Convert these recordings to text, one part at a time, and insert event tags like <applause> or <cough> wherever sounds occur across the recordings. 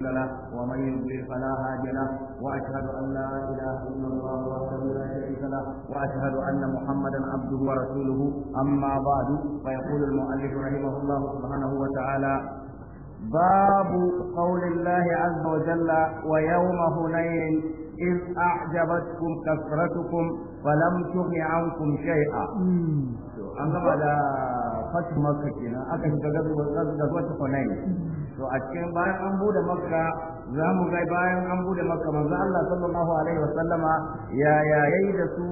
له ومن يضلل فلا هادي له واشهد ان لا اله الا الله وحده لا شريك له واشهد ان محمدا عبده ورسوله اما بعد فيقول المؤلف رحمه الله سبحانه وتعالى باب قول الله عز وجل ويوم هنين إذ أعجبتكم كثرتكم فلم تغن عنكم شيئا أنما هذا فتح مكة هنا أكثر غزوة هنين to a cikin bayan an bude makka za mu ga bayan an bude makka manzo Allah sallallahu alaihi sallama ya ya yayi da su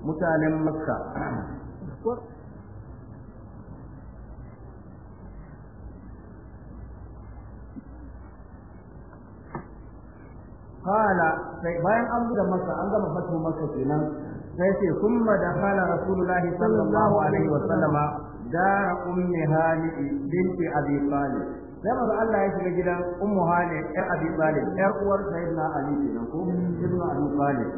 mutanen makka Kala sai bayan an bude makka, an gama fatu makka kenan sai ce kuma da kala rasulullahi sallallahu alaihi wa sallama dara ummi hali binti abi talib sai masu Allah ya shiga gidan ummu halid yar abi talib yar uwar sayyidina ali kenan ko ibn abi talib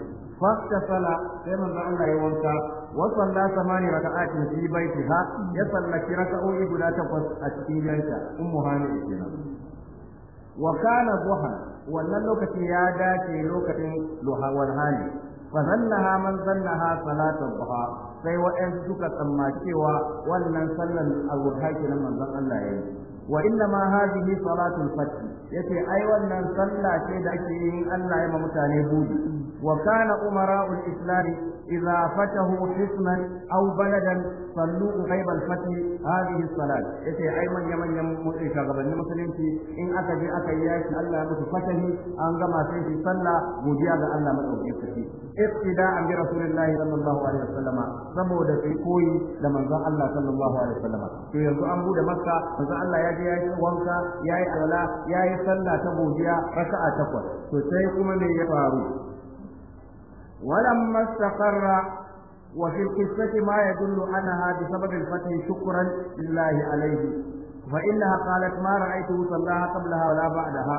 sala, sai masu Allah ya wanka wa salla samani raka'atin fi baitiha ya sallaki raka'o'i guda takwas a cikin gidansa ummu halid kenan wa kana duha wannan lokaci ya dace lokacin luhawal hali fa zannaha man zannaha salatu duha sai wa'an suka tsammacewa wannan sallan abu duha kenan manzon Allah ya yi wa inna ma hadhihi salatul fath yace ai wannan sallah ce da ake yi Allah ya ma mutane budi wa kana umara'u al-islam idza fatahu hisman aw baladan sallu ghaiba al-fath hadhihi salat yace ai manya manyan eh, shugabannin musulunci in aka je aka yi yaki Allah ya musu fatahi an gama sai shi sallah godiya ga Allah madaukakin sarki iqtida'an bi rasulillahi sallallahu alaihi wasallama saboda sai koyi da manzon Allah sallallahu alaihi wasallama to yanzu an bude makka manzon Allah ya je ya yi wanka ya yi alwala ya yi sallah ta godiya raka'a takwas to sai kuma me ya faru ولما استقر وفي القصة ما يدل أنها بسبب الفتح شكرا لله عليه فإنها قالت ما رأيته صلاها قبلها ولا بعدها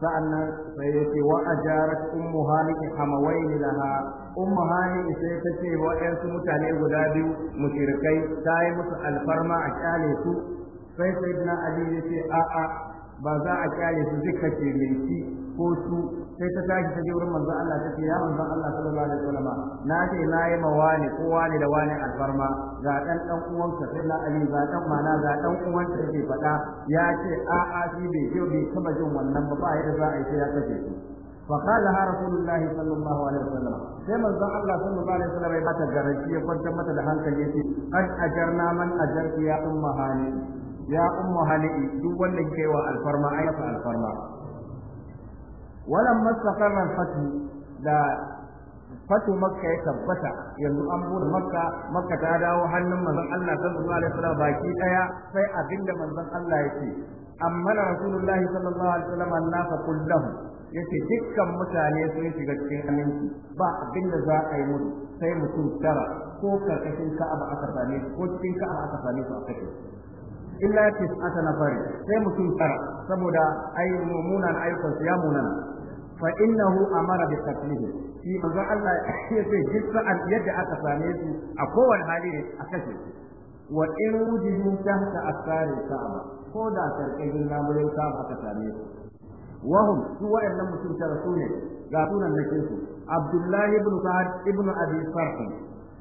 sa'annan sai ya ce wa a jarat ummu hani'i hamawaini laha ummu hani'i sai ta ce wa mutane guda biyu mushrikai ta yi musu alfarma a kyale su sai sai na ali ya ce a'a ba za a kyale su duka ce mai shi ko su sai ta tashi ta je wurin manzon Allah ta ce ya manzon Allah sallallahu alaihi wasallam na ce na yi mawani ko wani da wani alfarma ga dan dan uwanka sai na ali ga dan mana ga dan uwanka yake faɗa ya ce a'a shi bai je bai taba jin wannan ba ba yadda za a yi sai ya kace shi فقال لها رسول الله صلى الله عليه وسلم sai manzon Allah sallallahu alaihi wasallam ya bata garanti ya kwantar mata da hankali yace an ajarna man ajarti ya ummahani ya ummu hali'i duk wannan kewa wa alfarma ai fa alfarma walam mastaqarra al-fatu da fatu makka ya tabbata yanzu an bude makka makka ta dawo hannun manzon Allah sallallahu alaihi wasallam baki daya sai abinda manzon Allah yake amma rasulullahi sallallahu alaihi wasallam Allah fa kullahu yake dukkan mutane sun shiga cikin aminci ba abinda za a yi musu sai mutum tara ko karkashin ka'aba aka same ko cikin ka'aba aka same su a kashe illa tis'ata nafari sai mutum tara saboda ayi mumunan ayyukan su ya munana fa innahu amara bi qatlihi shi manzo Allah <laughs> ya ce jissa yadda aka same su a kowane hali ne a kashe su wa in wujidu tahta asari ka'aba ko da sarkin lamurin ka'aba aka same su wahum su wa'annan mutum tara su ne ga sunan nake su Abdullahi ibn Sa'ad ibn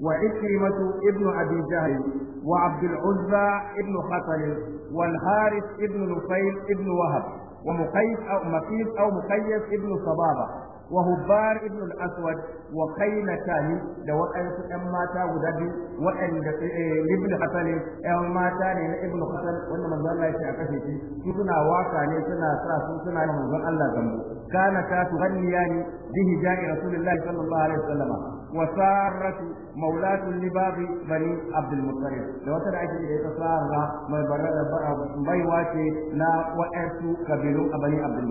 وعكرمة ابن أبي جهل وعبد العزى ابن خطل والحارث ابن نفيل ابن وهب ومقيس أو مقيس أو مقيس ابن صبابة wa hubbar ibn aswad wa da waɗansu 'yan mata guda biyu waɗanda eh, ibn hasan ɗan mata ne na ibn hasan wanda manzon ya ce a kashe shi su suna waka ne suna sa su suna yin manzon Allah zambo kana ta tuhanniyani bihi ja'i rasulullahi sallallahu alaihi wasallam wa sarratu maulatu libab bani abdul muttalib da wata da ake da ita sarra mai baiwa na wa'ansu kabilun bani abdul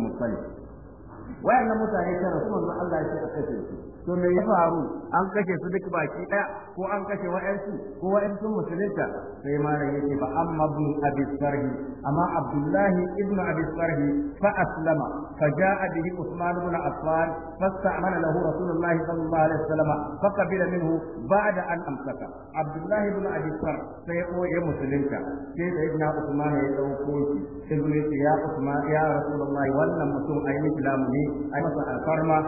وين مساهي كان صنع الله يسير قتلك to me ya faru an kashe su duk baki daya ko an kashe wa'ansu ko wa'ansu musulunta sai malam yake ba amma ibn abisarhi amma abdullahi ibn abisarhi fa aslama fa jaa bihi usman ibn affan فاستعمل له رسول الله صلى الله عليه وسلم فقبل منه بعد ان امسك عبد الله بن ابي سر سيقول يا مسلمك sai sayyidina usman ya dauko shi sai ya usman ya rasulullahi wannan mutum ayi islamu ne yi masa alfarma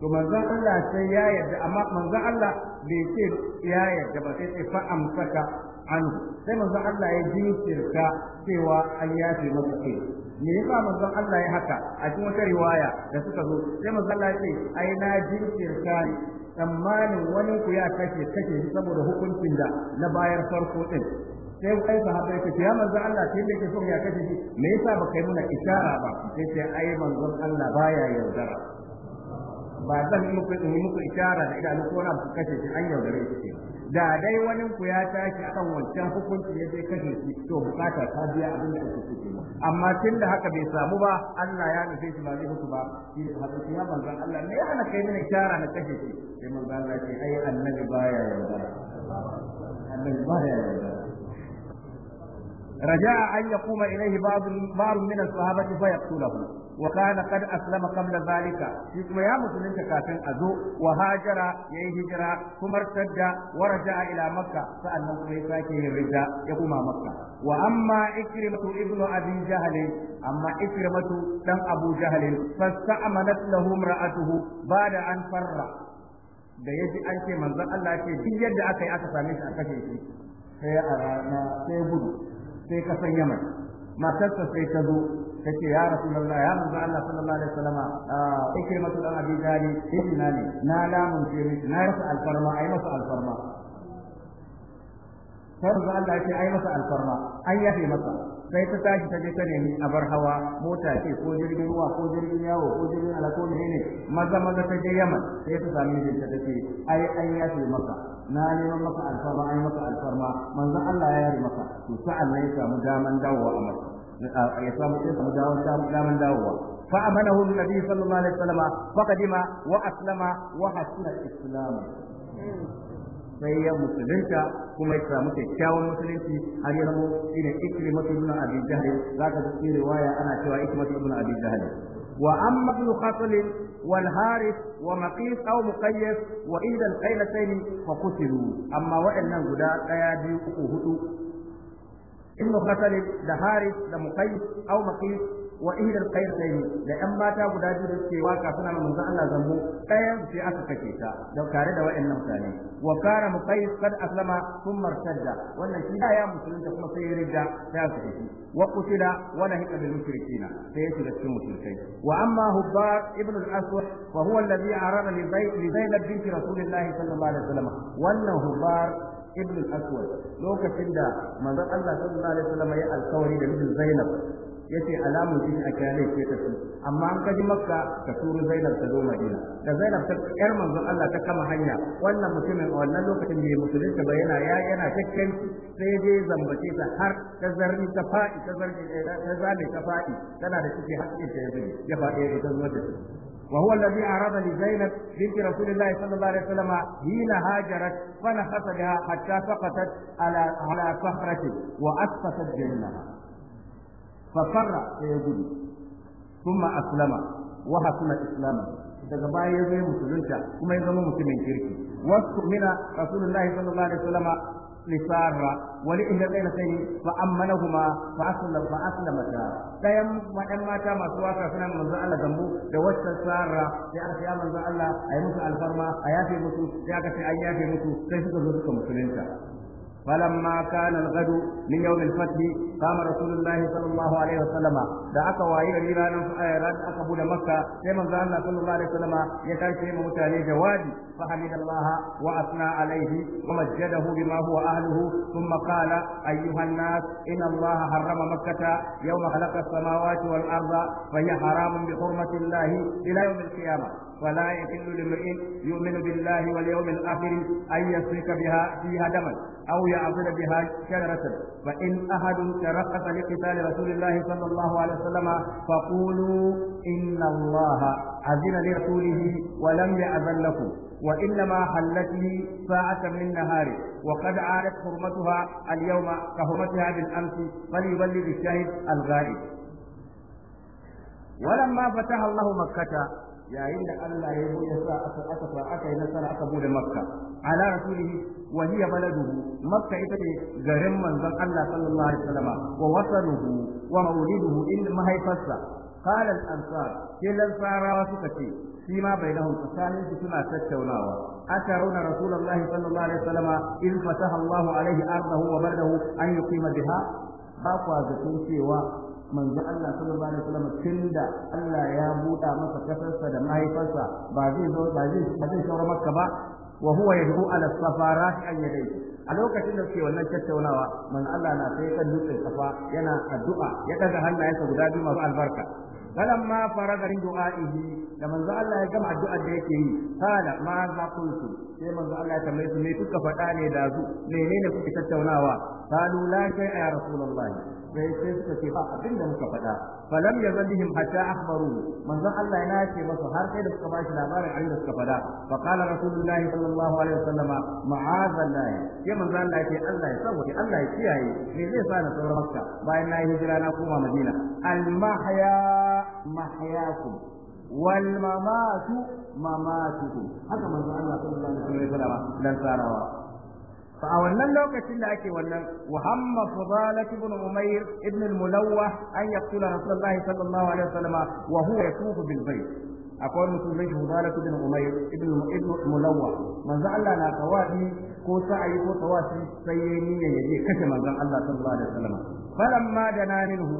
to manzon Allah sai ya yarda amma manzon Allah bai ce ya yarda ba sai fa amsaka anu sai manzon Allah ya jinkirta cewa an yafe masa ke me yasa manzon Allah ya haka a cikin wata riwaya da suka zo sai manzon Allah ya ce ai na jinkirta tsammanin wani ku ya kashe kashe saboda hukuncin da na bayar farko din sai kai sahabbai kace ya manzon Allah sai da ke so ya kashe shi me yasa ba yi mana isharar ba sai sai ai manzon Allah baya yaudara ba zan yi muku yi muku ishara da idanu ko na ku kashe shi an yaudare shi ke da dai wani ku ya tashi akan wancan hukunci ya je kashe shi to bukata ta biya abin da ake kuke. amma tun da haka bai samu ba Allah ya nufi shi ba zai mutu ba shi ne haka ya manzon Allah ne ya hana kai mini ishara na kashe shi sai manzon Allah ce ai annabi baya yaudara annabi baya yaudara رجاء أن يقوم إليه بعض بعض من الصحابة فيقتله وكان قد أسلم قبل ذلك يسمى يا مسلم كافٍ أزو وهاجر يهجر ثم ارتد ورجع إلى مكة فأنه يساكه الرجاء يقوم مكة وأما إكرمة ابن أبي جهل أما إكرمة دم أبو جهل فاستأمنت له امرأته بعد أن فر da ya ji an ce manzon Allah ce duk yadda aka yi aka same shi a kashe shi sai a rana sai gudu sai ka san yaman matarsa sai ta zo ta ce ya rasulullah ya manzo Allah sallallahu alaihi wasallama masu dan abi jali ina ne na lamun ce miki na rasa alfarma ai masa alfarma sai manzo Allah ya ce ai masa alfarma an yafe masa sai ta tashi ta je ta nemi abar hawa mota ce ko jirgin ruwa ko jirgin yawo ko jirgin alako ko ne maza maza ta je yaman sai ta sami mijin ta tace ai an yafe maka na neman maka alfarma ai maka alfarma manzon Allah ya yi maka to sa'an nan ya samu daman dawowa a mai. ya samu ya samu daman dawowa fa amanahu annabi sallallahu alaihi wasallam faqadima wa aslama wa hasuna islamu sai ya musulunta kuma ya samu kyakkyawan musulunci har ya zama shine ikrimatu ibn abi jahl zaka ji riwaya ana cewa ikrimatu ibn abi jahl wa amma ibn qatl wal harith wa maqis aw muqayyas wa inda al qailatayn fa qutilu amma wa'annan guda daya biyu uku hudu ibn qatl da harith da muqayyis aw maqis wa ihdal qaysayn da ɗan mata guda biyu da suke waka suna ma manzon Allah zambo ɗayan sai aka kace ta da tare da wayannan mutane wa kana muqayyis kad aslama thumma irtadda wannan shi da ya da kuma sai ya rida sai aka kace wa qutila wa lahika bil mushrikina sai ya shiga cikin mushrikai wa amma hubbar ibn al-aswad wa huwa alladhi arada li zainab binti rasulillahi sallallahu alaihi wasallam wannan hubbar ibn al-aswad lokacin da manzon Allah sallallahu alaihi wasallam ya alkawari da mijin Zainab yace alamun shi a kyale ce ta su amma an kaji makka ka turu zainab ta zo madina da zainab ta yar manzon Allah ta kama hanya wannan mutumin a wannan lokacin bai musulunta ba yana ya yana cikin sai je zambace ta har ta zarni ta fa'i ta zarni eh, ta zame ta fa'i tana da ciki hakkin ta yabi ya fa'i ya ta zo da وهو الذي عرض لزينب بنت رسول الله صلى الله عليه وسلم حين هاجرت فنخص بها حتى سقطت على على صخرة وأسقطت جنها fasarra sai ya gudu sun ma wa hasuna daga baya ya zo musulunta kuma ya zama mutumin kirki wasu mina rasulullahi sallallahu alaihi wasallam lisarra wali inda zai nasai ne fa ammana kuma fa aslama ta ɗayan waɗan mata masu wasa suna manzon Allah zambo da wata sarra sai aka ce manzon Allah a yi musu alfarma a yafe musu sai aka an yafe musu sai suka zo suka musulunta فلما كان الغد من يوم الفتح قام رسول الله صلى الله عليه وسلم da aka wayi gari ranar ran aka buɗe makka sai manzo Allah sallallahu alaihi wasallam ya tashi ma mutane jawabi fa hamidallaha wa asna alaihi wa majjadahu bima huwa sun makala qala ayyuhan nas inna Allah harrama makkata yawma khalaqa as-samawati wal arda fa hiya haramun ولا يحل لامرئ يؤمن بالله واليوم الآخر أن يسلك بها فيها دما أو يعضل بها شجرة فإن أحد ترخص لقتال رسول الله صلى الله عليه وسلم فقولوا إن الله أذن لرسوله ولم يأذن لكم وإنما حلت لي ساعة من نهاري وقد عادت حرمتها اليوم كحرمتها بالأمس فليبلغ الشاهد الغائب ولما فتح الله مكة yayin da Allah ya yi ya sa aka aka fa aka yi nasara aka bude makka ala rasulihi wa hiya baladuhu makka ita ne garin manzon Allah sallallahu alaihi wasallam wa wasaluhu wa mawliduhu in mahaifarsa qala al ansar kilan sarawa suka ce shi ma bainahum tsakanin su suna tattaunawa أترون رسول الله صلى alaihi عليه وسلم إذ فتح الله عليه wa وبلده أن يقيم بها ba kwa zaton cewa manzo Allah sallallahu alaihi wasallam tunda Allah ya buɗa masa kasarsa da mahaifarsa ba zai zo ba zai ba zai shaura makka ba wa huwa yadu ala safarat an yadayhi a lokacin da suke wannan tattaunawa manzo Allah na sai kan dutsen kafa yana addu'a ya daga hannayensa guda biyu masu albarka فلما فرغ من Da لما Allah ya gama addu'ar da yake yi kana ma za kuntu sai manzo Allah ya tambaye su me kuka faɗa ne da zu menene kuke tattaunawa kalu la shay ya rasulullahi sai sai suka ce ba abin da muka faɗa falam yazallihim hatta akhbaru manzon Allah ya nace masa har sai da suka bashi labarin abin da suka faɗa fa qala rasulullah sallallahu alaihi wasallam ma'azallah ya manzon Allah ya ce Allah ya sauke Allah ya kiyaye me zai sa na saura makka bayan na yi hijira na koma madina al mahya mahyakum wal mamatu mamatukum haka manzon Allah sallallahu alaihi wasallam ya faɗa dan sarawa fa a wannan lokacin da ake wannan wa hamma fudalah ibn umayr ibn al-mulawah an yaqtula rasulullahi sallallahu alaihi wasallam wa huwa yatufu bil bayt akwai mutum zai shi fudalah ibn umayr ibn ibn mulawah manzo Allah na tawadi ko sa'ayi ko tawafi sai yayi niyya yaje kashe manzon Allah sallallahu alaihi wasallam falamma dana minhu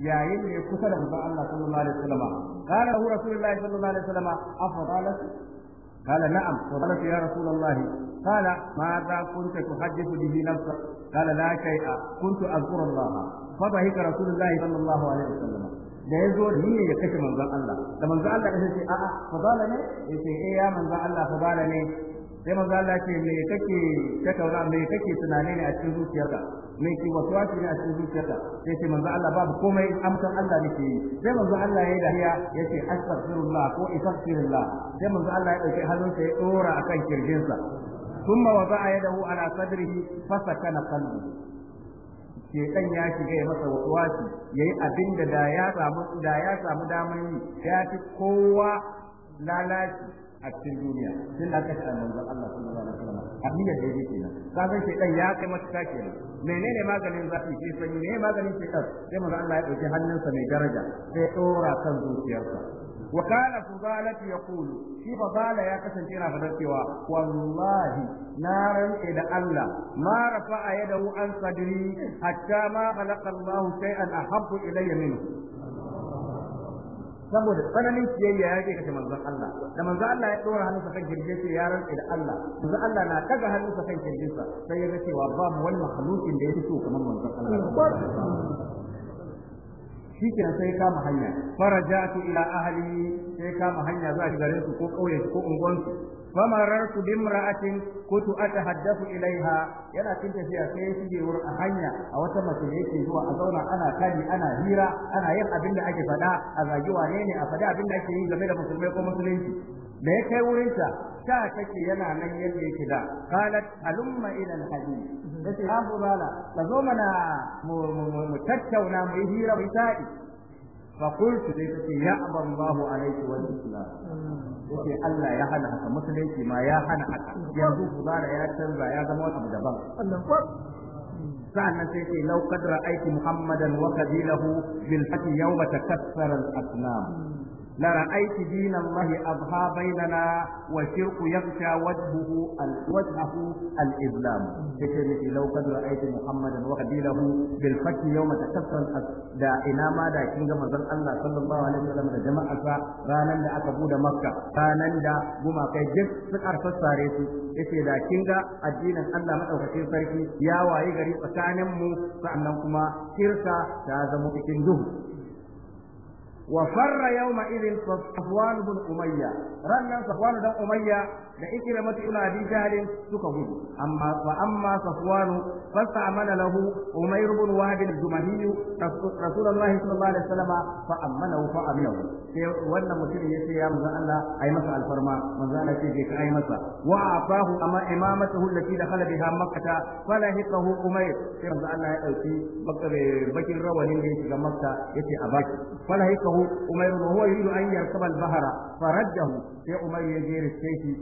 yayin da ya kusa da manzon Allah sallallahu alaihi sallallahu alaihi قال نعم وقالت يا رسول الله قال ماذا كنت تحدث به نفسك قال لا شيء كنت أذكر الله فضحك رسول الله صلى الله عليه وسلم da ya zo ni ya kashe manzon Allah da manzon Allah ya ce a'a fadala ne ya ce eh ya manzon Allah fadala ne sai manzo Allah ce me kake tattauna me kake tunani ne a cikin zuciyarka me ke waswasi ne a cikin zuciyarka sai ce manzo Allah babu komai amsan Allah ke yi sai manzo Allah ya dariya yace astaghfirullah ko istaghfirullah sai manzo Allah ya dauke hannunsa ya dora akan kirjinsa ثم وضع يده على صدره فسكن قلبه shekan ya shiga ya masa wasu ya yi abin da da ya samu damar yi ya fi kowa lalaci a cikin duniya sun da aka tsaya manzon Allah sallallahu alaihi wasallam abinda da yake kenan sabon shedan ya kai matuƙa kenan menene maganin zafi sai sanyi ne maganin shedan sai manzon Allah ya dauki hannunsa mai daraja sai dora kan zuciyarsa wa kana fudalat yaqulu shi fadala ya kasance yana fadar cewa wallahi na rantse da Allah ma rafa'a yadahu an sadri hatta ma khalaqa Allah shay'an ahabbu ilayya minhu saboda tsananin kiyayya ya ke kashe manzon Allah da manzon Allah ya dora hannunsa kan kirje sai ya rantsa da Allah manzon Allah na daga hannunsa kan kirjinsa sai ya ga cewa babu wani mahalukin da ya fito kamar manzon Allah shi na sai kama hanya farajatu ila ahli sai kama hanya za a garin su ko kauyen ko unguwan famarartu bimra'atin kuntu atahaddathu ilaiha yana cin tafiya sai ya shige wurin a hanya a wata mace da yake zuwa a zauna ana kari ana hira ana yin abin da ake faɗa a zagi wane ne a faɗa abin da ake yi game da musulmai ko musulunci da ya kai sa? ta take yana nan yadda yake da qalat alumma ila alhadith yace abu bala ka zo mana mu tattauna mu yi hira mu sa'i فقلت لك يا أبا الله عليك والإسلام yake Allah ya hana haka musulunci ma ya hana haka yanzu kuzara ya canza ya zama wani abu daban sa'annan sai ce law qad aiki muhammadan wa kabilahu bil haqi yawma takassara al asnam لرأيت دين الله أضحى بيننا والشرك يغشى وجهه وجهه الإسلام تشرك لو قد رأيت محمدا وقبيله بالفتح يوم تكسر دا إنما دا كنجا مزل الله صلى الله عليه وسلم دا جماعة رانا دا أكبود مكة رانا دا جمع كي جد سكر فساريسي إسي دا كنجا الدين الله مأوكتين سركي يا واي غريب أسانم سأنكما شركة تازمو إكندوه وفر يومئذ صفوان بن أمية رنا صفوان بن أمية لإكرمة إلى أبي جهل amma أما وأما صفوان فاستعمل له أمير بن وهب الجمهي رسول الله صلى الله عليه وسلم فأمنه Sai wannan mutum ya ce ya manzo Allah ai masa alfarma manzo Allah ce je ka masa wa afahu amma imamatuhu allati dakhala biha makkata falahiqahu umayr sai manzo Allah ya dauki bakin rawanin da ya shiga makka yace a baki falahiqahu عمير وهو يريد bahara يركب البحر فرده في عمير يجير السيف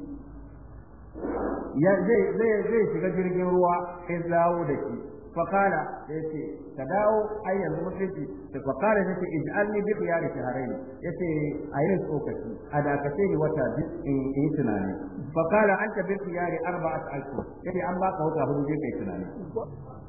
zai shiga jirgin ruwa sai zawo da shi fakala ya ce ka dawo ai yanzu mutunci da fakala ya ce ij'alni bi khiyari shahrayn ya ce a yi tsokaci a dakace ni wata bi in yi tunani fakala anta bi khiyari arba'at ashhur ya ce an baka wata hudu je tunani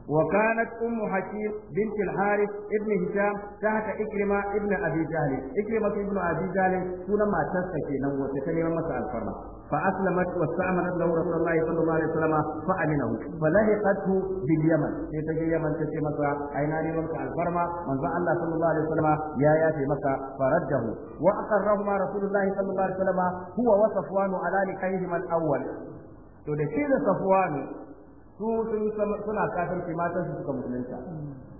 وكانت أم حكيم بنت الحارث ابن هشام تحت إكرمة ابن أبي جهل إكرمة ابن أبي جهل كنا ما تسكي نو وتكلم مسأل فرما فأسلمت واستعملت له رسول الله صلى الله عليه وسلم فأمنه فلحقته باليمن يتجي اليمن تسي مكة أين أريد مسأل فرما من الله صلى الله عليه وسلم يا يا في مكة فرده وأقرهما رسول الله صلى الله عليه وسلم هو وصفوان على لقيهما الأول to da shi da safwanu su suna kafirci matan su suka musulunta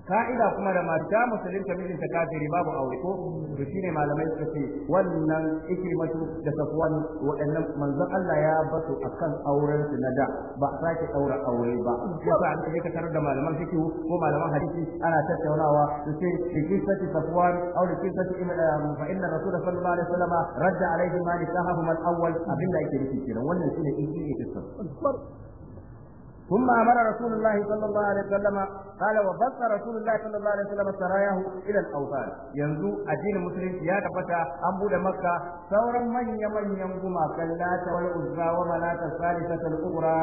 ka'ida kuma da mata musulunta ta kafiri babu aure ko to shine malamai suka ce wannan ikrimatu da safwan waɗannan manzon Allah ya basu akan auren su na da ba a sake ɗaura aure ba yasa an ka tarar da malaman fiki ko malaman hadisi ana tattaunawa su ce ikrimatu safwan aw ikrimatu eh, fa inna rasul sallallahu alaihi wasallam radda alaihi ma nikahahum al-awwal abinda yake nufi kenan wannan shine ikrimatu safwan ثم امر رسول الله صلى الله عليه وسلم قال وبث رسول الله صلى الله عليه وسلم سراياه الى الاوطان ينزو الدين المسلم يا تفتا ان بود مكه ثورا من يمن ينقما كلات والعزى ومنات الثالثه الاخرى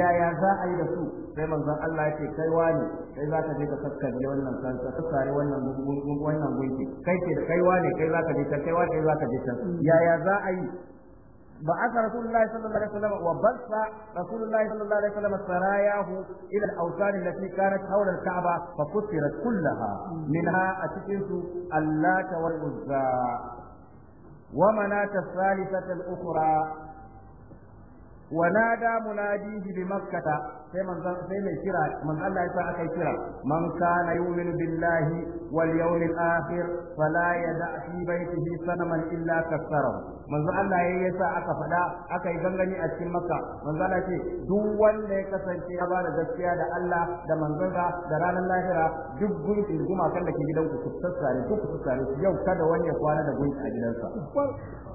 يا يا ذا اي دسو sai manzon Allah yake kai wani kai za ka je ka kaskare wannan kansa ka sare wannan wannan gunki kai ke da kai wani kai za ka je can kai wani kai za ka je can yaya za a yi بعث رسول الله صلى الله عليه وسلم وبث رسول الله صلى الله عليه وسلم سراياه الى الاوثان التي كانت حول الكعبه فكسرت كلها منها اتيت اللات والعزى ومناة الثالثة الأخرى ونادى مناديه بمكة في من kira من Allah ya sa aka من كان يؤمن بالله واليوم الآخر فلا يدع في بيته صنما إلا كسره manzo Allah ya yasa aka faɗa aka yi gangani a cikin makka manzo Allah ce duk wanda ya kasance ya bada gaskiya da Allah da manzonsa da ranar lahira duk gurbin gumakan da ke gidan ku ku ku tsare yau kada wani ya kwana da gunki a gidansa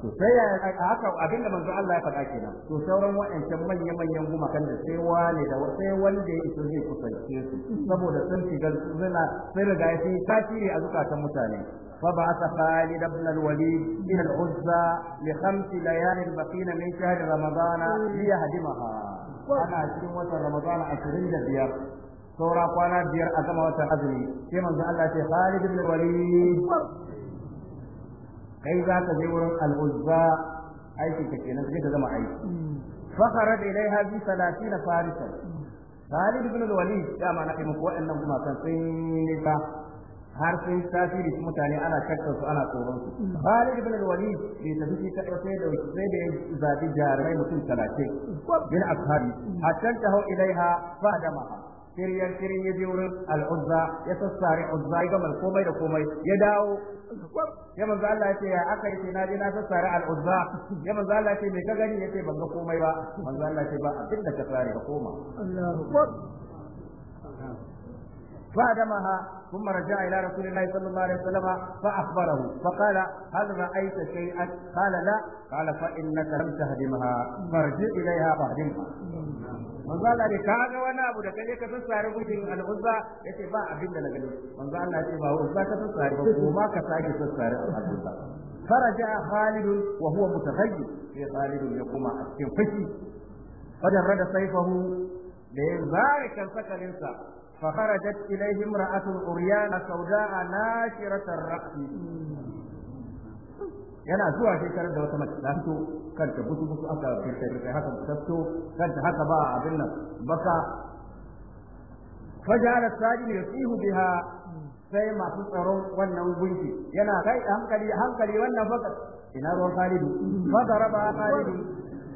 to sai ya haka abinda manzo Allah ya faɗa kenan to sauran wa'ancan manyan manyan kan da sai wani da sai wanda ya iso zai kusance su saboda sun shiga suna sai riga ya tasiri a zukatan mutane فبعث خالد بن الوليد إلى العزى لخمس ليال بقين من شهر رمضان ليهدمها أنا أشتم وصل رمضان عشرين جزير سورة قوانا جير أزم وصل أزمي في في خالد بن الوليد كيف تزور العزى أي في تكينا كيف تزمع أي فخرج إليها في ثلاثين فارسا خالد بن الوليد كما نحن في مقوى أنه ما تنسيني har sun tasiri mutane ana shakkar su ana tsoron su Khalid ibn al-Walid bai tafi shi kadai sai da sai da zabi jarumai mutum 30 bin ashabi hatta tahu ilaiha fa damaha siriyan sirin ya je wurin al-Uzza ya sassare Uzza ya komai da komai ya dawo ya manzo Allah ya ce ya aka yi na je na sassare al-Uzza ya manzo Allah ya ce me ka gani yace ban ga komai ba manzo Allah ya ce ba abin da ka sare ka koma Allahu Akbar فادمها ثم رجع إلى رسول الله صلى الله عليه وسلم فأخبره فقال هل رأيت شيئا قال لا قال فإنك لم تهدمها فارجع إليها فاهدمها manzo Allah ne ka ga wani abu da ka je ka sassare gudun al'uzza yace ba abin da na gani manzo Allah ya ce ba uzza ka sassare ba ko ma ka sake sassare al'uzza faraja Khalid wa huwa mutaghayyib sai Khalid ya kuma a cikin fashi fadarra da saifahu da ya zare kan sakalinsa فخرجت إليه امرأة عريانة سوداء ناشرة الرأس yana zuwa shekarar da wata mace ta fito kanta busu busu aka firfe haka ta kan kanta haka ba abin nan baka fajara sajin yasihu biha sai masu tsaron wannan gunki yana kai hankali hankali wannan baka ina ruwan khalidu fa daraba khalidu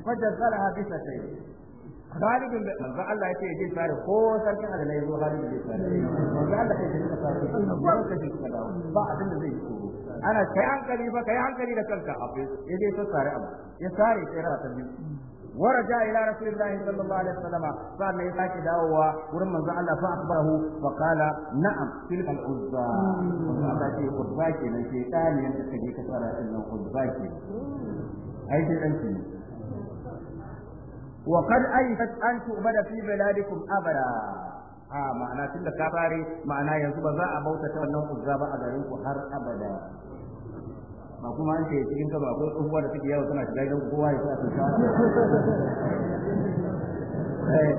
fajazalaha bisatayn galibin da manzo Allah yake jin sare ko sarkin adana yazo galibin da sare manzo Allah yake jin sare ko kace ka dawo ba abin da zai yi ana kai hankali kai hankali da kanka abu yaje ta sare abu ya sare sai ra ta biyu ورجع إلى رسول الله صلى الله عليه وسلم قال لي فاك دعوة ورمى الله فأخبره فقال نعم تلك العزى التي قد من شيطان ينتهي كثرة أنه قد أي شيء وقد أيفت أن تؤبد في بلادكم أبدا a ma'ana tun da ka fare ma'ana yanzu ba za a bauta ta wannan uzza ba a garin ku har abada ba kuma an ce cikin ka ba da take yawo tana shiga gidan kowa ya sa ta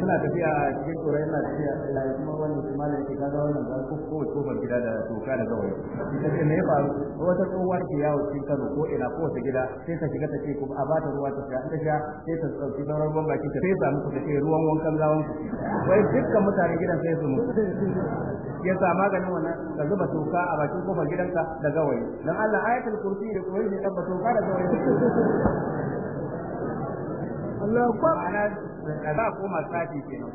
suna tafiya a cikin tsoron yana tafiya ila ya kuma wani kuma da ke kaga wannan ba ko ko kofar gida da toka da gawayi sai me ya faru wata kowa ke yawo cikin Kano ko ina ko wata gida sai ta shiga ta ce kuma a bata ruwa ta sha ta sha sai ta sauki sauran ruwan baki ta sai samu ta ce ruwan wankan gawan ku wai dukkan mutanen gidan sai su mutu ya sa maganin wannan ka zuba toka a bakin kofar gidanka da gawayi dan Allah ayatul kursi da kuma yin toka da gawayi Allah za a koma sati kenan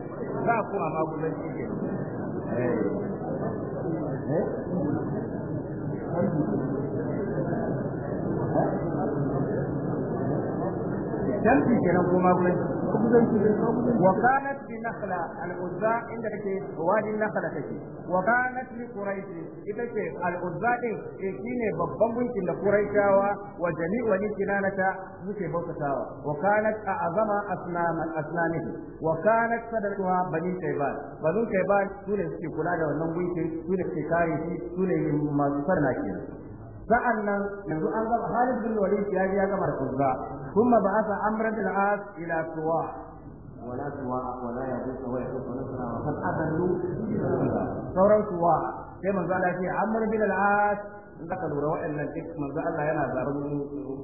za a koma magudanci kenan jamfi eh? eh? kenan ko magudanci وكانت نخلة العزى عند وادي النخلة تكي وكانت لقريش إذا العزى إيكين ببن بنت قريشا وجميع ولي كنانة بوتي بوتساوة وكانت أعظم أسنام أسنامه وكانت صدرتها بني كيبان بني كيبان سولة سكي كلا da سيكاري gunkin مصرناكي sa'an nan yanzu an gama halin bin wani ya ji ya gama da kuzza kuma ba sa Amr da As ila Suwa wala Suwa wala ya duka wa ya duka nasara wa kan adallu sauran Suwa sai manzo Allah ya ce Amr bin Al-As in zaka lura waɗannan duk manzo Allah yana zaben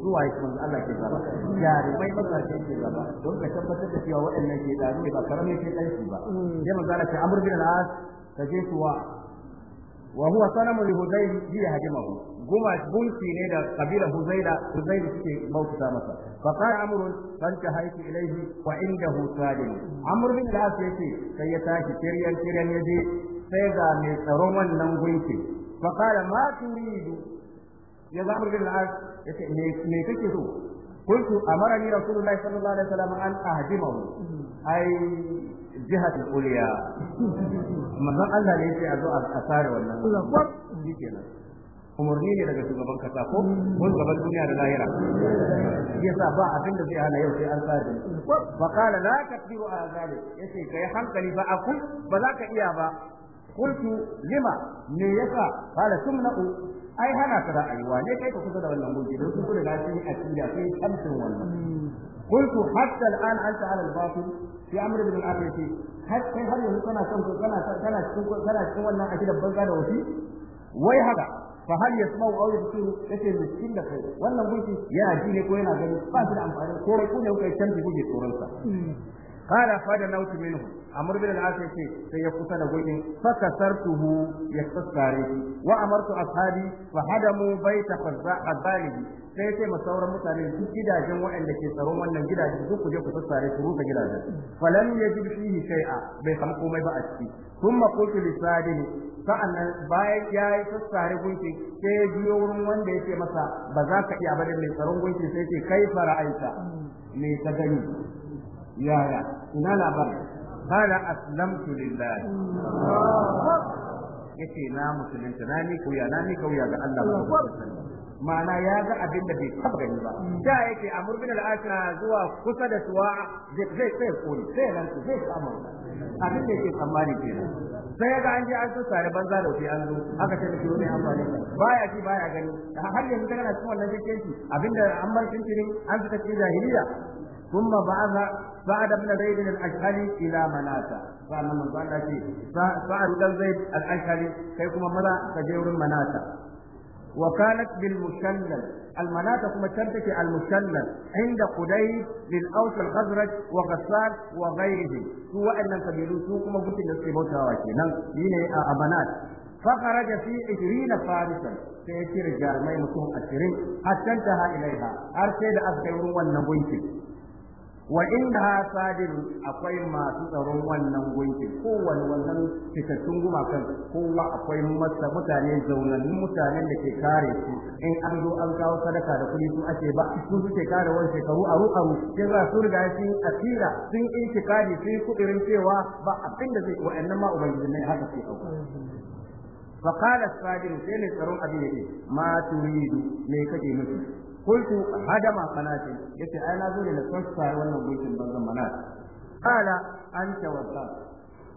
zuwa yake manzo Allah ke zaba yare mai mazaje ke zaba don ka tabbatar da cewa waɗannan ke da ne ba karamin ke ɗansu ba hmm. sai manzo Allah ce Amr bin Al-As ka je Suwa wa huwa sanamu li hudayl bi hajimahu guma gunki ne da kabila huzaila huzaila suke bauta masa fa qala san ta tahaytu ilayhi wa indahu sajid amr bin al-as yace sai ya tashi kiryan kiryan yaje sai ga mai tsaron wannan gunki fa qala ma turidu ya zamar bin al-as yace me kake so kuntu amarani rasulullahi sallallahu alaihi wasallam an ahdimahu mm-hmm. ai jihar uliya manzon Allah ne yake a zo a tsare wannan kenan. umarni ne daga shugaban kasa ko wani gaban duniya da lahira yasa ba abin da zai hana yau sai an tsare fa qala la takfiru ala zalik yace kai hankali ba a kun? ba za ka iya ba qultu lima me yasa qala tumna'u ai hana ta da aiwa ne kai ka kusa da wannan gunki don su da gashi a cikin da sai kamtin wannan qultu hatta al'an anta ala al-batil sai amr ibn al yace har kai har yanzu kana son kana kana cikin kana cikin wannan akidar banza da wasi wai haka fa hal yasma'u aw yabsiru yace miskin da kai wannan gunki yana ji ne ko yana gani ba shi da amfani ko ko ne kuka canji kuke tsoron hmm. qala fada da nautu minhu amr bin al sai ya kusa da gurin fa kasartuhu ya tsare wa amartu ashabi fa hadamu baita khazali sai yace ma sauran mutane duk gidajen waɗanda ke tsaron wannan gidaje duk ku je ku rusa ku rufe gidajen fa lam yajid fihi shay'a bai samu komai ba a ciki tun thumma qultu li sadini sa'annan bayan ya yi sassare gunki sai ya biyo wurin wanda ya ce masa ba za ka iya ba da mai tsaron gunki sai ce kai fara aita me ta gani yaya ina labarin da aslamtu lillahi yace na musulunta na ni kauya na ni kauya ga Allah ma'ana ya ga abin da bai taba gani ba da yake a murbin al'asha zuwa kusa da suwa zai sai koli sai nan zai samu abin da yake tsammani kenan sai ga an je an so tare banza da wuce an zo aka ce miki wani amfani baya ji baya gani har yanzu kana cikin wannan jikin abinda an bar cikin an fita cikin jahiliya ثم بعث سعد بن زيد الأشهلي إلى مناتا فأنا من قال لك سعد بن زيد الأشهلي كيكما مرة كجير مناتا وكانت بالمشلل المناطة كما ترتكي المشلل عند قديد للأوس الخزرج وغسان وغيرهم هو أن سبيلو سوكما بطن السبوتا وكينا هنا أبنات فخرج في عشرين فارسا سيكي رجال ما يمكن أشرين حتى انتهى إليها أرسل أذكر والنبويك wa inda sadir akwai masu tsaron wannan gunki kowane wannan fitattun gumakan kowa akwai masa mutane zaunannin mutanen da ke kare su in an zo an kawo sadaka da kuɗi su ake ba su suke kare wani shekaru a aru ya za su riga sun asira sun intikari sun yi kudirin cewa ba abin da zai wa'annan ma ubangiji ne haka ke auka فقال الصادق سيني ترون qultu hadama qanatin yace ai na zo ne na tsara wannan gunkin bazan mana ala anta wasa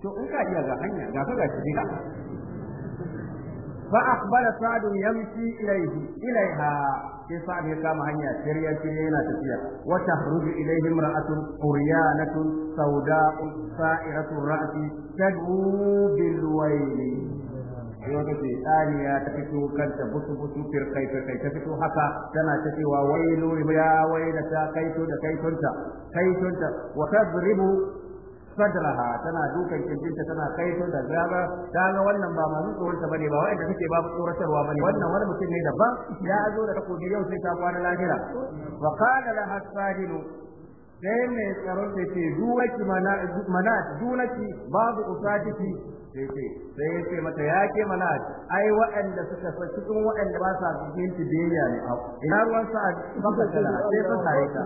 to in ka iya ga hanya ga ga shi da fa aqbala sa'd yamshi ilayhi ilayha sai sa'ad ya kama hanya shirya shirya yana tafiya wa tahruju ilayhi imra'atun quryanatun sawda'un sa'iratu ra'si tad'u bil wayli Yau ce tsari ya ta fito kanta busu busu firkai firkai ta fito haka tana ta cewa wailu ya waila ta kaito da kaitonta kaitonta wa tadribu sadraha tana dukan kirjinta tana kaito da gaba ta ga wannan ba masu tsoronta bane ba wanda take ba tsoratarwa bane wannan wani mutum ne daban ya zo da takobi yau sai ta kwana lahira wa qala laha sahilu sai mai tsaron da ce duwaki mana duwaki babu usatiki sai ce sai ya mata ya ke mana ai waɗanda suka sa cikin waɗanda ba sa cikin biyayya ne ina ruwan sa fasa kala sai sai ta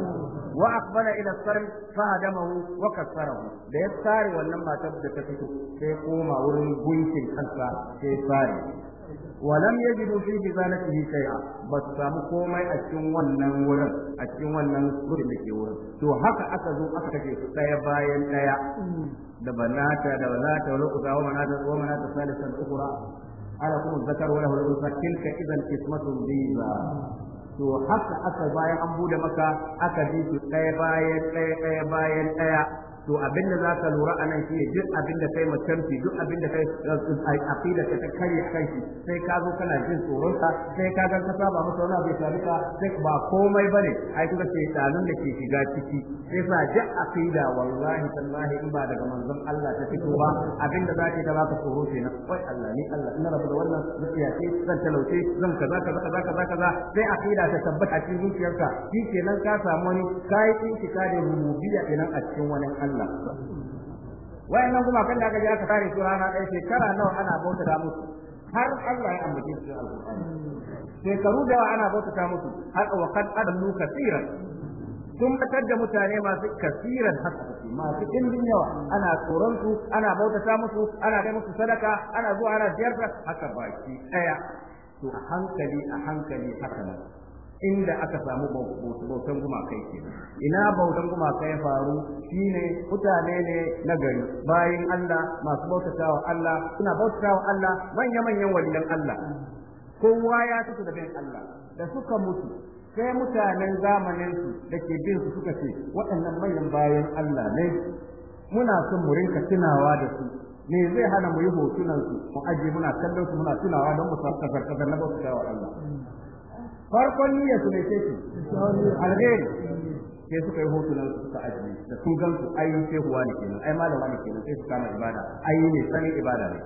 wa aqbala ila sarm fa hadamahu wa kasarahu da ya tsare wannan matar da ta fito sai koma wurin gunkin kansa sai tsare ولم يجدوا في جزالته شيئا بس samu komai a cikin wannan wurin a cikin wannan wurin da ke wurin to haka aka zo aka kace su daya bayan daya da banata da walata wal ukhra wa manata wa manata salisan ukhra ala kum zakar wa lahu al tilka idan qismatun diza to haka aka bayan an bude maka aka bi su daya bayan daya daya bayan daya to abin da za ka lura a nan ne, duk abin da kai mutunci duk abin da kai eh, eh, aqida ka ta kare kan shi sai ka zo kana jin tsoron sai ka gan ka saba masa wani abu ya ka sai ba komai ba ne, ai kuka ce tsanun da ke shiga ciki sai sa duk aqida wallahi tallahi in ba daga manzon Allah ta fito ba abin da za ka ga baka tsoro kenan wai Allah ni Allah ina rabu da wannan zuciya ce zan talauce zan kaza kaza kaza kaza kaza sai aqida ta tabbata cikin zuciyarka shi kenan ka samu wani kai tsinki ka da rububiyya kenan a cikin wani Allah Allah wayannan kuma kan da aka je aka tare su rana ɗaya shekara nawa ana bauta da musu har Allah ya ambace su alƙur'ani shekaru da ana bauta ta musu har wa qad adallu kasiran. sun fitar da mutane masu kasiran haka masu ɗimbin yawa ana tsoron su ana bautata musu ana kai musu sadaka ana zuwa ana ziyarta haka baki ɗaya to a hankali a hankali haka inda aka samu bautan gumakai ke ina bautan gumakai ya faru shine mutane ne na gari bayan Allah masu bautatawa Allah suna bautatawa Allah manya manyan waliyan Allah kowa ya tafi da bin Allah da suka mutu sai mutanen zamanin su da ke bin su suka ce waɗannan manyan bayan Allah ne muna son mu rinka tunawa da su me zai hana mu yi hotunan su mu aje muna kallon su muna tunawa don mu samu kasar kasar na bautatawa Allah farkon niyya su ne su alheri sai suka yi hotunan suka ajiye da gan su ai sai huwa ne kenan ai malama ne kenan sai su kama ibada ai ne sanin ibada ne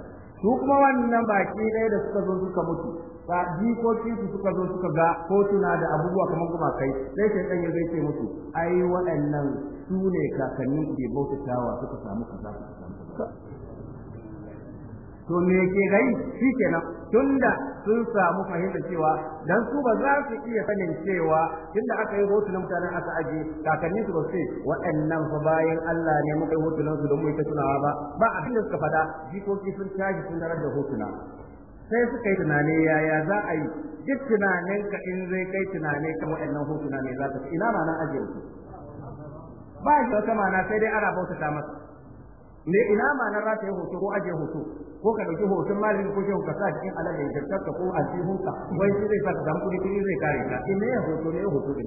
su kuma wannan baki ɗaya da suka zo suka mutu ba jikokin su suka zo suka ga hotuna da abubuwa kamar kuma kai sai sai dan zai ce mutu ai waɗannan su ne kakannin ke bautatawa suka samu kaza suka samu kaza to me ke gai shi kenan tunda sun samu fahimta cewa dan su ba za su iya sanin cewa tunda aka yi hotunan mutanen aka aje kakanni su ba su waɗannan fa bayan Allah ne muka yi hotunan su don mu ta tunawa ba ba abin da suka faɗa jikoki sun tashi sun tarar da hotuna sai suka yi tunani yaya za a yi duk tunanin ka in zai kai tunani kan waɗannan hotuna ne za ka ci ina ma na aje su ba shi wata ma'ana sai dai ana bauta ta masa me ina ma na rataye hoto ko aje hoto ko ka dauki hoton malami ko shehu ka sa cikin alal da jarkar ko ko aljihun ka wai shi zai sa ka samu kudi zai kare ka in eh, ne ya hoto ne ya hoto da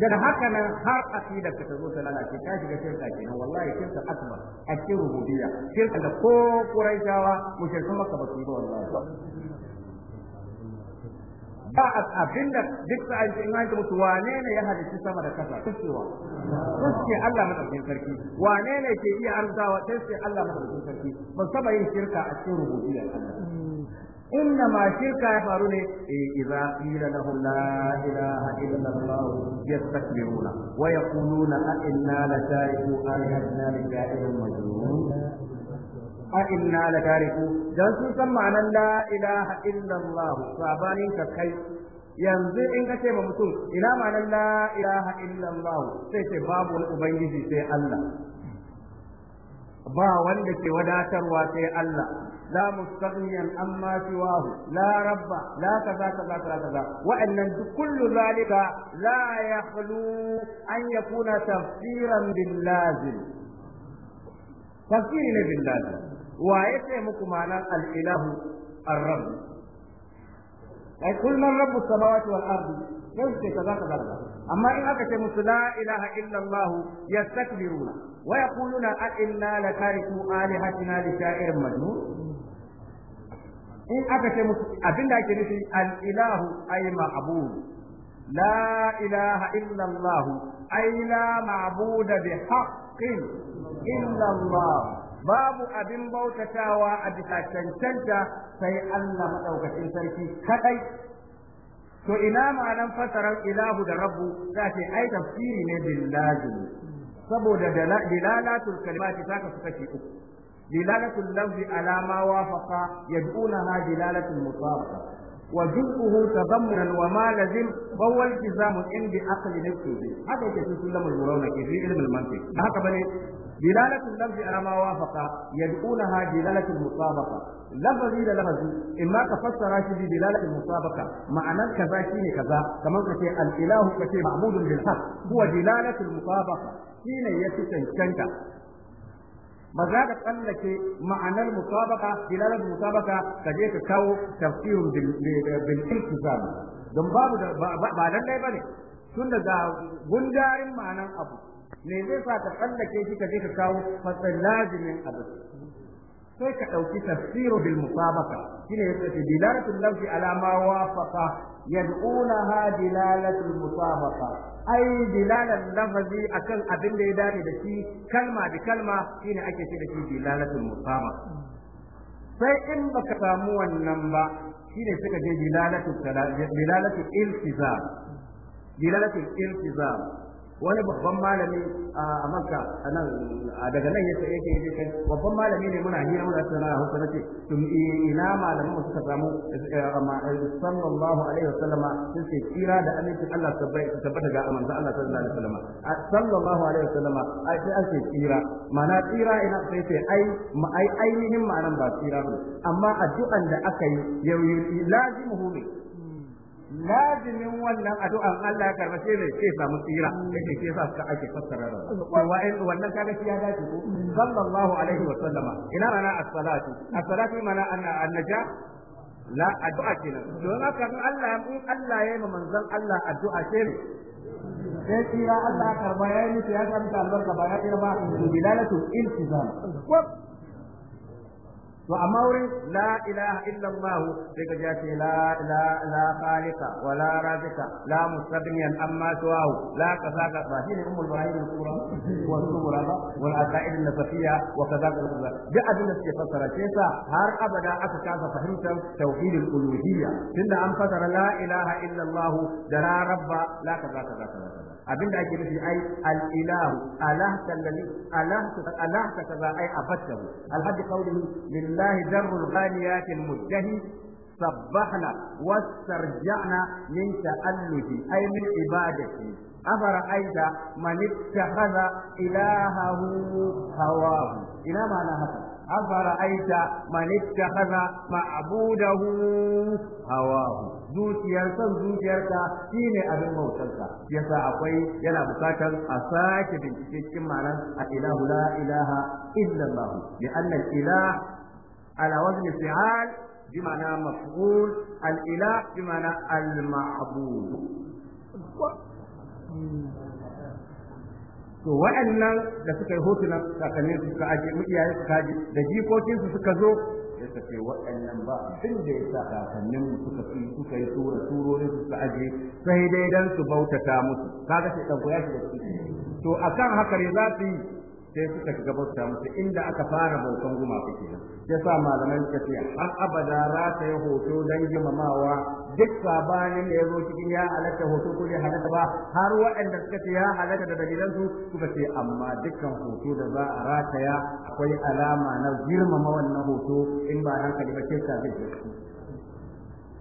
daga haka nan har aqidar ka ta zo ta lalace ka shiga shirka kenan wallahi shirka akbar a cikin rububiyya shirka da ko quraishawa mushrikan makka ba su yi ba wallahi ba abinda duk sa'an in an mutu wane ne ya halicci sama da kasa kusurwa kusurwa Allah madaukakin sarki wane ne ke iya arzawa sai Allah madaukakin sarki Ban saba yin shirka a cikin rububiyar Allah إنما شرك يفعلون إذا قيل لهم لا إله إلا الله يستكبرون ويقولون أئنا لتاركوا آلهتنا لشاعر مجنون inna la tariku dan sun san ma'anar la ilaha illallah sabanin ka kai yanzu in ka ce ba mutum ina ma'anar la ilaha illallah sai ce babu wani ubangiji sai Allah ba wanda ke wadatarwa sai Allah la mustaghniyan amma siwahu la rabba la kaza kaza kaza kaza wa'annan duk kullu zalika la yahlu an yakuna tafsiran bil lazim tafsiri ne bil lazim wa ya ce muku ma'anar al'ilahu ar-rabb ai kullun rabbus samawati wal ardi sai ce kaza kaza amma in aka ce musu la ilaha illa allah yastakbiruna wa yaquluna a inna la tariku alihatina li sha'irin majnun in aka ce musu abinda ake nufi al-ilahu ay ma'bud la ilaha illa allah ay la ma'buda bi haqqin illa allah babu abin bautatawa a bisa cancanta sai Allah madaukakin sarki kadai to ina ma'anan fasarar ilahu da rabbu za ce ai tafsiri ne billahi saboda dilalatul kalimati ta kasu kashi uku dilalatul lafzi ala ma wafaqa yad'unaha dilalatul mutabaqa وجزءه تضمنا وما لزم فهو التزام ان بعقل نفسه ke يكفي في mantiq haka bane دلالة اللفظ على ما وافق يدعونها دلالة المطابقة لفظ إلى لفظ إما تفسر في دلالة المطابقة معنى كذا شيء كذا كما كتي الإله كتي معبود بالحق هو دلالة المطابقة شين يتسنشنك ba za ka tsallake ma'anar musabaka dilalar musabaka ka je ka kawo tafsirin bil iltizam don babu ba lallai bane tunda ga gundarin ma'anar abu me zai sa ka tsallake shi ka je ka kawo matsayin lazimin abu sai ka ɗauki tafsiru bil musabaka shine yake ce dilalatul lafzi ala ma wafaqa ha dilalatul musabaka ai dilalatul lafazi akan abin da ya dace da shi kalma da kalma shine ake ce da shi dilalatul musabaka sai in baka samu wannan ba shine suka je dilalatul dilalatul iltizam dilalatul iltizam wani babban malami a makka a nan daga nan yake yake yake babban malami ne muna hira muna tsana a hausa nace tun ina malamin mu suka samu eh, eh, eh, sallallahu alaihi wasallama sun ce kira da aminci Allah tabbata ga amanza Allah sallallahu alaihi wasallama sallallahu alaihi wasallama ai sai an ce kira ma'ana kira ina sai sai ai ai ainihin ma'anar ba kira ba amma addu'an da aka yi yau lazimuhu ne lazimin wannan addu'an Allah ya karba sai mai sai samu tsira yake ke sa suka ake fassara wa in eh, wannan kaga shi ya dace ko sallallahu alaihi wa sallama ina mana as-salatu as-salatu mana anna an-naja la addu'a kenan don haka Allah in Allah ya yi manzon Allah addu'a ce sai tsira Allah karba ya yi ya samu albarka ba ya kira ba bilalatu iltizam to amma wurin la ilaha illallah sai ka ja ce la la la khaliqa wa la razika la mustaghniyan amma tuwahu la kaza ka ba shine ummul bahir al-kubra wa al-kubra wal aqaid an-nafsiyya wa kaza kaza duk abin da suke fassara ce sa har abada aka kasa fahimtar tauhid al-uluhiyya tunda an fassara la ilaha illallah da la rabba la kaza kaza kaza abinda ake nufi ai al-ilahu alah kallazi alah kaza ai abattahu al-hadi qawlihi لله در الغاليات المدهي سبحنا واسترجعنا من تأله أي من عبادته أفرأيت من اتخذ إلهه هواه إلى معنى هذا أفرأيت من اتخذ معبوده هواه zuciyar son zuciyarka shine abin bautarka yasa akwai yana bukatar a sake bincike cikin ma'anar a ilahu la ilaha illallah li على وزن فعال بمعنى مفعول الإله بمعنى المعبود to wa'annan da suka yi hotunan kakannin su suka aje iyaye suka aje da jikokin su suka zo ya tafi wa'annan ba abin da ya sa kakannin mu suka fi suka yi tura turori su suka aje sai dai dan su bautata musu kaga sai dan ya shiga cikin to akan haka ne za su yi sai suka shiga bauta musu inda aka fara bautan gumaka kenan ya sa malamai suka ce har abada za rata yi hoto don girmamawa duk sabanin da ya zo cikin ya halatta hoto ko ya halatta ba har waɗanda suka ce ya halatta da dalilansu suka ce amma dukkan hoto da za a rataya akwai alama na girmama wannan hoto in ba hankali da ba ce ka zai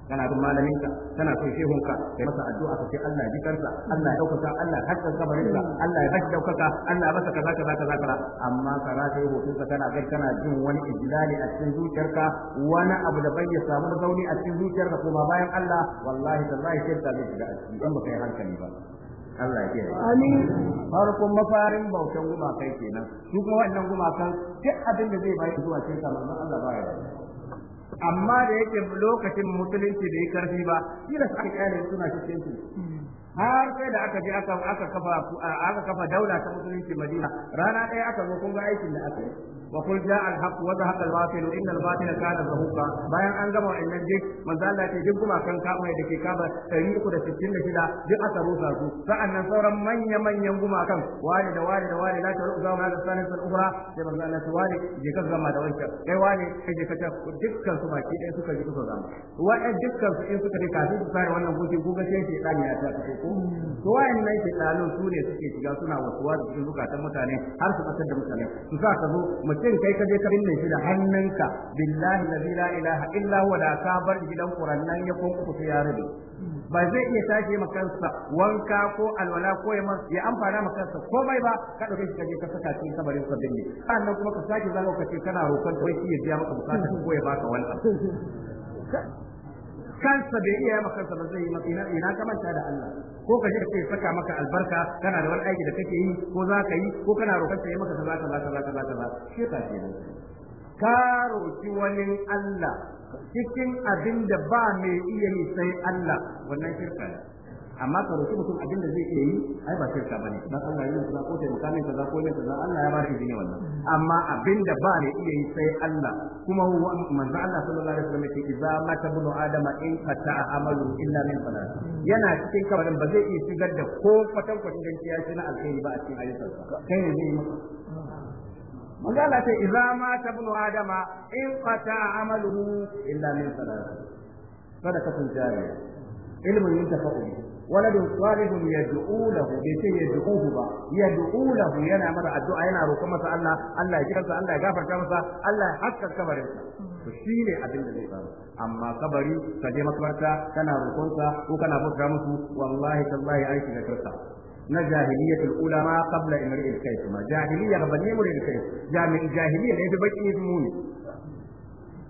kana bin malamin ka kana son shehun ka kai masa addu'a ka ce Allah ya jikarsa Allah ya daukaka Allah ya hakkan kabarinsa Allah ya bashi daukaka Allah ya masa kaza kaza kaza kaza amma ka rataye hoton ka kana kai kana jin wani ijlali a cikin zuciyarka wani abu da bai samu zauni a cikin zuciyarka ko ba bayan Allah wallahi tallahi sai ka ga da aski dan baka hankali ba Allah ya kiyaye. Amin. Farkon mafarin bautan gumakai kenan. Su kuma waɗannan gumakan duk abin da zai bayar zuwa cikin manzon Allah ba ya amma da yake lokacin musulunci bai karfi ba kila sai aka kyale suna cikin su har sai da aka je aka aka kafa aka kafa daula ta musulunci Madina rana ɗaya aka zo kun ga aikin da aka yi wa kul ja al haqq wa zahaqa al batil inna al batila kana zahuqa bayan an gama wannan duk manzo Allah ce duk kuma kan kama da ke kaba 366 duk aka rusa su sa'annan sauran manya manyan gumakan wani da wani da wani la taru zama da sanin sal ukhra sai manzo Allah ya wani je ka zama da wancan kai eh, wani kai je ka ta dukkan su baki ɗaya suka ji suka zama wa'an dukkan su in suka je kafin su fara wannan gushi sai shi ya ta ko to wayannan shedanun su ne suke shiga suna wasuwa cikin zukatan mutane har su fasar da mutane su sa ka zo mutum kai ka je ka binne shi da hannunka billahi la ilaha illa huwa da ka bar gidan nan ya kunku sai ya rabe ba zai iya tashi makansa wanka ko alwala ko ya ya amfana makansa komai ba ka dauke shi je ka saka cikin kabarin sa binne sannan kuma ka sake zama ka ce kana roƙon wai shi ya biya maka bukatar ko ya baka wani kansa bai iya sa ba zai yi ina kamanta da Allah ko ka je ka ce saka maka albarka kana da wani aiki da kake yi ko za ka yi ko kana roƙon ya maka kaza kaza kaza kaza kaza shi ka ce ka roki wani Allah cikin abin da ba mai iya yi sai Allah wannan shirka ne amma ka roki mutum abin da zai iya yi ai ba shirka bane dan Allah ya kaza ko sai mukamin kaza ko ne kaza Allah ya ba shi ne wannan amma abin da ba ne iya yi sai Allah kuma manzo Allah sallallahu alaihi wasallam yake idza mata bunu adama in fata amalu illa min salat yana cikin kabarin ba zai iya shigar da ko fatan kwatin ya shi na alheri ba a cikin ayyukansa kai ne zai maka manzo Allah sai idza mata bunu adama in fata amalu illa min salat sadaqatun jariya ilmun yuntafa'u bihi waladun salihun yad'u lahu bai ce yad'uhu ba yad'u lahu yana masa addu'a yana roƙon masa Allah Allah ya kiransa Allah ya gafarta masa Allah ya hakka kabarinsa to shine abin da zai faru amma kabari ka je makabarta kana roƙonsa ko kana bauta musu wallahi tallahi aiki da karsa na jahiliyatul ulama qabla imri'il kayf ma jahiliya gabanin imri'il kayf jami'in jahiliya ne da baki muni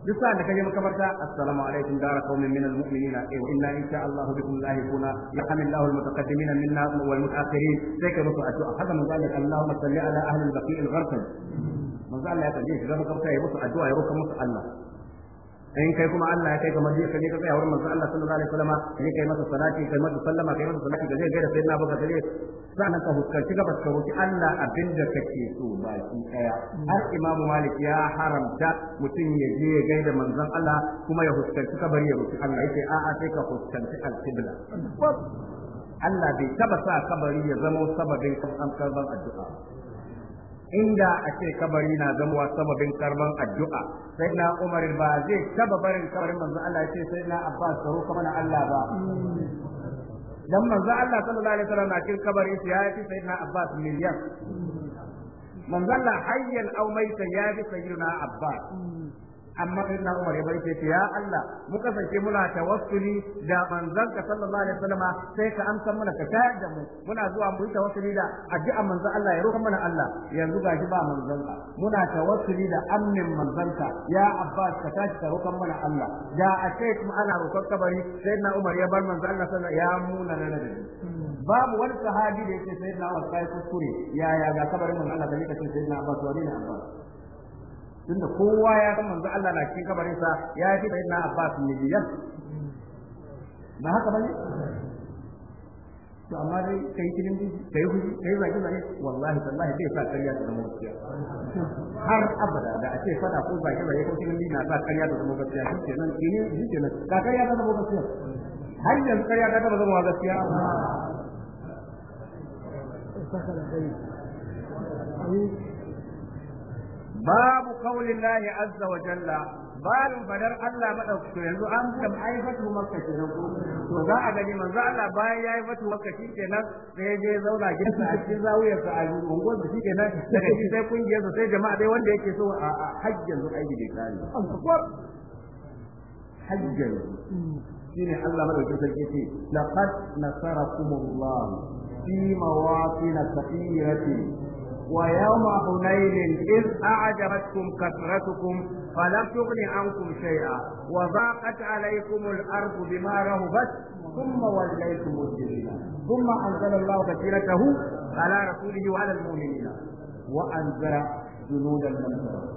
duk sa'an da kaje makabarta assalamu alaikum dara qaumin minal mu'minina eh, wa inna insha Allah bikum lahiquna yahmillahu almutaqaddimina minna wal mutaakhirin sai ka musu addu'a haka manzo Allah Allahumma salli ala ahli al-baqi al-gharqad manzo Allah ya kalle shi ga makabarta ya musu addu'a ya roka musu Allah in kai kuma Allah ya kai ga madina kai ka tsaya wurin manzo Allah sallallahu alaihi wasallam kai kai masa salati kai masa sallama kai masa salati da zai gaida sayyidina Abu Bakar sannan ka huskanci gaba ka roki Allah abinda kake so ba baki daya har Imam Malik ya haramta mutum ya je ya gaida manzon Allah kuma ya huskanci kabari ya roki Allah yace a'a sai ka huskanci al-qibla Allah bai taba sa kabari ya zama sababin kan an karban addu'a inda a ce kabari na zamuwa sababin karban addu'a sai na Umar ba zai taba barin kabarin manzo Allah ce sai na Abbas karo kuma na Allah ba dan manzo Allah sallallahu alaihi wasallam na cikin kabari sai ya ce sai na Abbas miliyan manzo Allah hayyan aw maita ya bi sayyidina Abbas amma sai na Umar ya bari sai ya Allah mu kasance muna tawassuli da manzanka sallallahu alaihi wasallam sai ka amsa mana ka tayar da mu muna zuwa mu yi tawassuli da addu'a manzon Allah ya roƙa mana Allah yanzu gashi ba ka. muna tawassuli da amnin ka ya Abbas ka tashi ka roƙa mana Allah da a ce kuma ana roƙar kabari sai na Umar ya bar manzon Allah sallallahu ya muna nan da babu wani sahabi da yake sai na Umar sai kuskure yaya ga kabarin manzon Allah da yake sai na Abbas wani ne Abbas tunda kowa ya san manzo Allah na cikin kabarin sa ya fi sayyidina Abbas miliyan Na haka bane to amma dai kai cikin kai huji kai zaki zaki wallahi tallahi zai sa kariya ta mu gaskiya har abada da ake fada ko zaki zaki ko cikin na sa ƙarya ta zama gaskiya shikenan shine shikenan ka kariya ta mu gaskiya har yanzu da ta zama gaskiya sakala kai babu qaulin lahi azza wa jalla babin fadar Allah madaukakin yanzu an tam ai fatu makka kenan ko to za a gani manzo Allah bayan yayi fatu makka kenan sai je zauna gidansa a cikin zawiyar sa a ungon da shi kenan daga shi sai kungiyar sai jama'a dai wanda yake so a hajjin zuwa aiki da kare hajjin shine Allah madaukakin sarki ce laqad nasarakumullah fi mawatin kathiratin ويوم حنين إذ أعجبتكم كثرتكم فلم تغن عنكم شيئا وضاقت عليكم الأرض بما رهبت ثم وليتم مدبرين ثم أنزل الله بسيرته على رسوله وعلى المؤمنين وأنزل جنودا لم تروا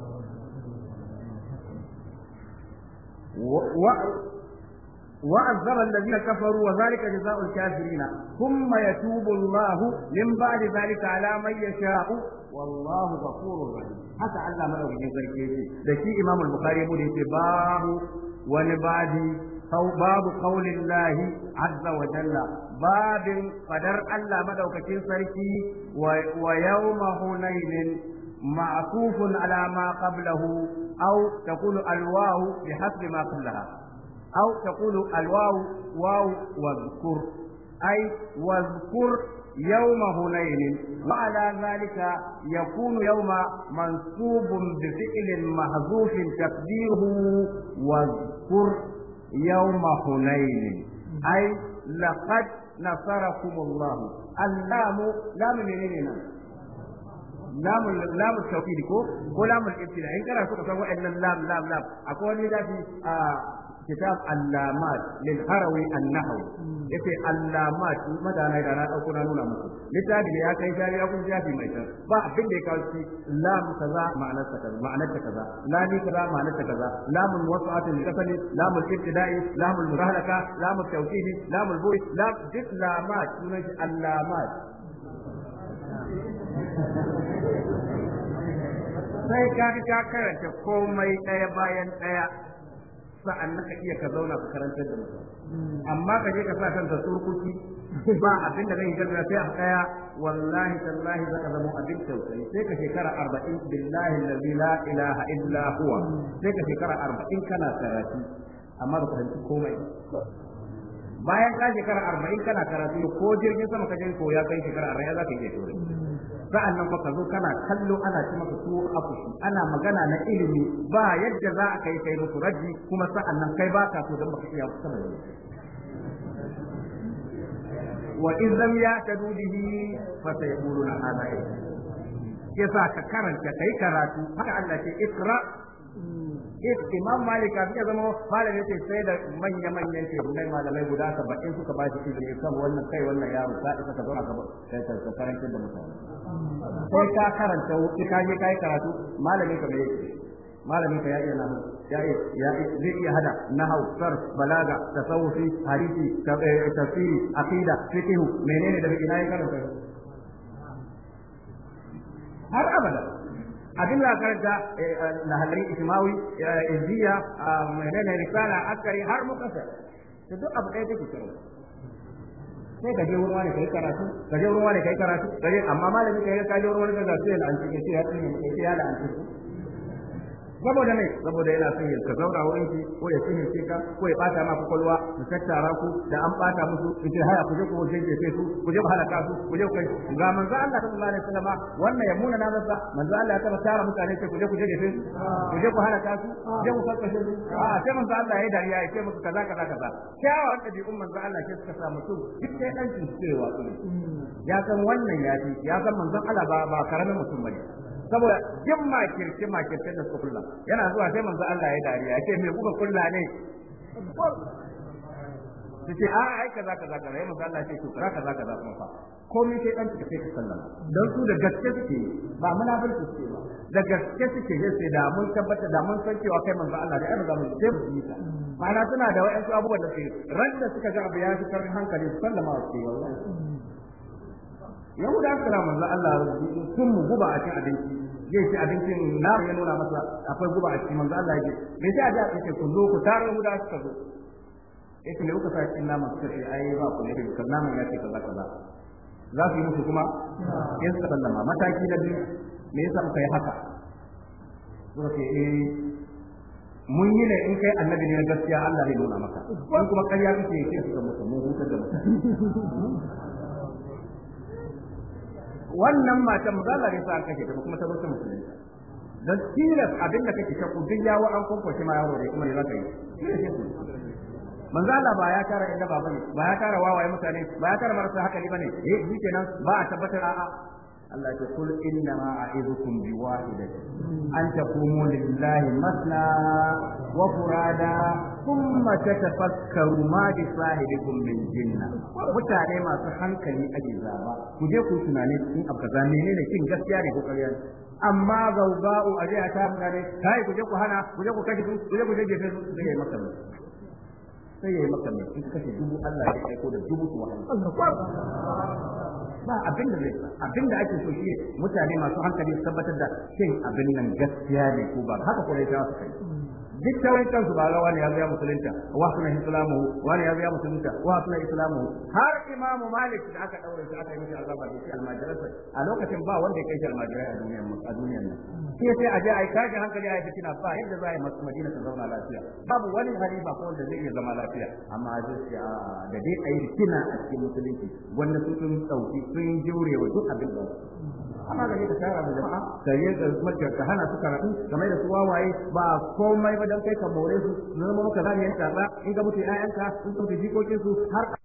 وعذب الذين كفروا وذلك جزاء الكافرين ثم يتوب الله من بعد ذلك على من يشاء والله غفور رحيم haka Allah madaukakin sarki yake da shi Imam Bukhari mu da yake babu wani babi babu qaulin lahi azza wa jalla babin fadar Allah maɗaukacin sarki wa yawma hunainin ma'kufun ala ma qablahu aw alwahu bihasbi ma qablaha أو تقول الواو واو واذكر أي واذكر يوم هنين وعلى ذلك يكون يوم منصوب بفعل محذوف تقديره واذكر يوم هنين أي لقد نصركم الله اللام لام منين لام لام التوكيد كو لام الابتداء ان كان سوى ان اللام لام لام اكو ني دافي آه kitab allamat lil harawi annahawi hmm. yace allamat madana da na dauko na nuna muku littafi ne ya kai jari ya kun jafi mai tar ba abin ya kawo shi lam kaza ma'anar ta kaza ma'anar ta kaza la ni kaza ma'anar ta kaza lamul wasa'atul kasali lamul ibtida'i lamul murahalaka lamul sai ka ka karanta komai daya bayan daya sa'annan ka iya ka zauna ka karantar da mutum amma ka je ka sa kanka surkuki ba abin da zai garga sai a tsaya wallahi tallahi zaka zama abin tausayi sai ka shekara arba'in billahi allazi la ilaha illa huwa sai ka shekara arba'in kana karatu amma ba ka fahimci komai bayan ka shekara arba'in kana karatu ko jirgin sama ka je koya kai shekara arba'in za ka iya turai sa'an nan ka zo kana kallo ana ci maka tuwo a ana magana na ilimi ba yadda za a kai kai musu raji kuma sa'an nan kai ba ka so don baka iya kusa da wa in ya ya'tadu bihi fa sayquluna Ya sa ka karanta kai karatu haka Allah ke ikra imam malik kafin ya zama malami yace sai da manya manyan ke mai malamai guda saba'in suka ba shi da kan wannan kai wannan yaro ka isa ka zauna ka karancin da mutane sai ka karanta wuce ka je kai karatu malami ka bai malamin ka ya iya nahu ya iya zai iya hada nahau sar balaga tasawufi hadisi eh, tafsiri aqida fiqh menene da ina ya karanta har abada abin da eh, eh, na halari ismawi eh, izziya ah, menene risala akari har mukasar to duk abu ɗaya take kira sai ka je wurin wani kai karatu ka je wurin wani kai karatu ka je amma malami kai ka je wurin wani ka karatu ya la'anci ke sai ya ce sai ya la'anci saboda mai saboda yana son ya ka zauna wurin ki ko ya cinye ce ka ko ya bata ma kwakwalwa su tattara ku da an bata musu in ce haya ku je ku je ke su ku je ku halaka su ku je ku kai ga manzo Allah sallallahu alaihi wasallam wannan ya muna na masa manzo Allah ya taba tara mutane ce ku je ku je ke su ku je ku halaka su ku je ku farkashe su a sai manzo Allah ya dariya ya ce musu kaza kaza kaza kyawawan dabi'un manzo Allah ke suka samu su duk sai dan cewa hmm, ya san wannan ya fi ya san manzo Allah ba ba karamin mutum bane saboda jin makirce makirce da suka kulla yana zuwa sai manzo Allah ya dariya ce me kuka kulla ne su ce a ai kaza kaza kaza ya manzo Allah ce to kaza kaza kaza kuma fa komai sai dan take ka sallama dan su da gaske suke ba munafiki suke ba da gaske suke sai sai da mun tabbata da mun san cewa kai manzo Allah da ai manzo Allah sai mu yi ta mana suna da wa'ansu abubuwan da suke ran da suka ga abu ya fi hankali su sallama su wallahi yahuda kana manzo Allah sun mu guba a cikin abinci yayin shi abincin na ya nuna masa akwai guba a cikin manzo Allah yake me sai a ji a ce kun zo ku tare yahuda suka zo yake ne uka sa cikin naman suka ce ai ba ku ne da naman ya ce kaza kaza za su yi musu kuma sai suka sallama mataki da biyu me yasa kuka yi haka suka ce eh mun yi ne in kai annabi ne na gaskiya Allah zai nuna maka in kuma karya kake yi sai suka musu mun hutar da mutum wannan matan maza Allah ne sa aka kashe ta kuma ta zo musulunta dan tilas abin da kake shakku duk yawo an kwankwace ma yawo da kuma ne zaka yi manzo ba ya tara inda ba bane ba ya tara wawaye mutane ba ya tara marasa hakali bane eh kenan ba a tabbatar a'a Allah ya kul inna ma a a'idukum bi wahidati an taqumu lillahi masna wa furada ta tafakkaru ma bi sahibikum min jinna mutane masu hankali ake zaba ku je ku tunani in abu kaza menene kin gaskiya ne ko ƙarya amma gauga'u a je a ta mutane kai ku je ku hana ku je ku kashe ku je ku je jefe su sai yi maka sai yayi maka mai In kashe dubu Allah ya aiko da dubu su wahala ba abin da zai abin da ake so shi mutane masu hankali su tabbatar da shin abin nan gaskiya ne ko ba haka kuma ta su kai duk taurin kansu ba rawa ne ya biya musulunta wa suna islamu ne ya biya musulunta wa suna islamu har imamu malik da aka daure shi aka yi mishi azaba da shi almajirai a lokacin ba wanda ya kai shi almajirai a duniyar a duniyar nan sai sai a je a yi tashi hankali a yi fitina ba yadda za a yi masu madina ta zauna lafiya babu wani halifa ko wanda zai iya zama lafiya amma a shi da dai a yi fitina a cikin musulunci wanda su sun ɗauki sun jure wa duk abin da amma da ka tara da jama'a ka yi da maka ka hana su karatu kamar da su wawaye ba komai ba dan kai ka more su zama maka zan yi tsara in ga mutu ƴaƴanka in ka mutu jikokin su har